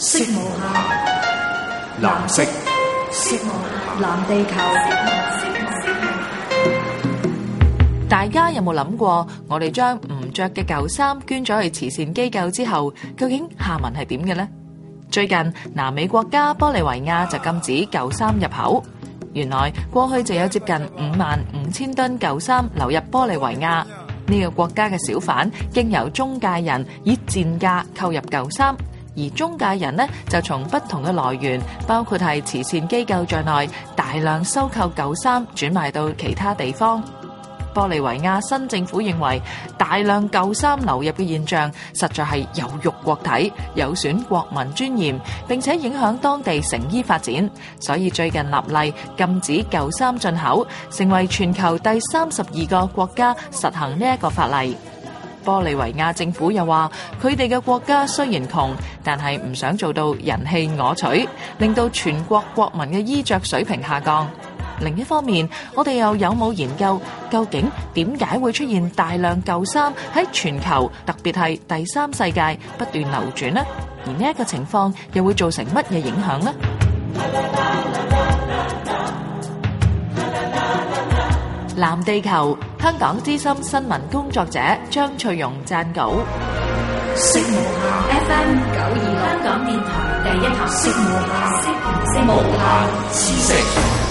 色無限，藍色，色無限，藍地球。大家有冇諗過？我哋將唔着嘅舊衫捐咗去慈善機構之後，究竟下文係點嘅呢？最近南美國家玻利維亞就禁止舊衫入口。原來過去就有接近五萬五千噸舊衫流入玻利維亞。呢個國家嘅小販，經由中介人以賤價購入舊衫。而中介人呢，就從不同的來源，包括是慈善機構在內大量收購舊衫，轉賣到其他地方。玻利維亞新政府認為大量舊衫流入的現象，實在是有辱國體、有損國民尊嚴，並且影響當地成衣發展，所以最近立例禁止舊衫進口，成為全球第三十二個國家實行呢一個法例。玻利維亞政府又話，佢哋嘅國家雖然窮，但係唔想做到人棄我取，令到全國國民嘅衣着水平下降。另一方面，我哋又有冇研究究竟點解會出現大量舊衫喺全球，特別係第三世界不斷流轉呢？而呢一個情況又會造成乜嘢影響呢？藍地球，香港資深新聞工作者張翠容撰稿。色無限 FM 九二六香港電台第一台。色無限，色無限，色無限，痴食。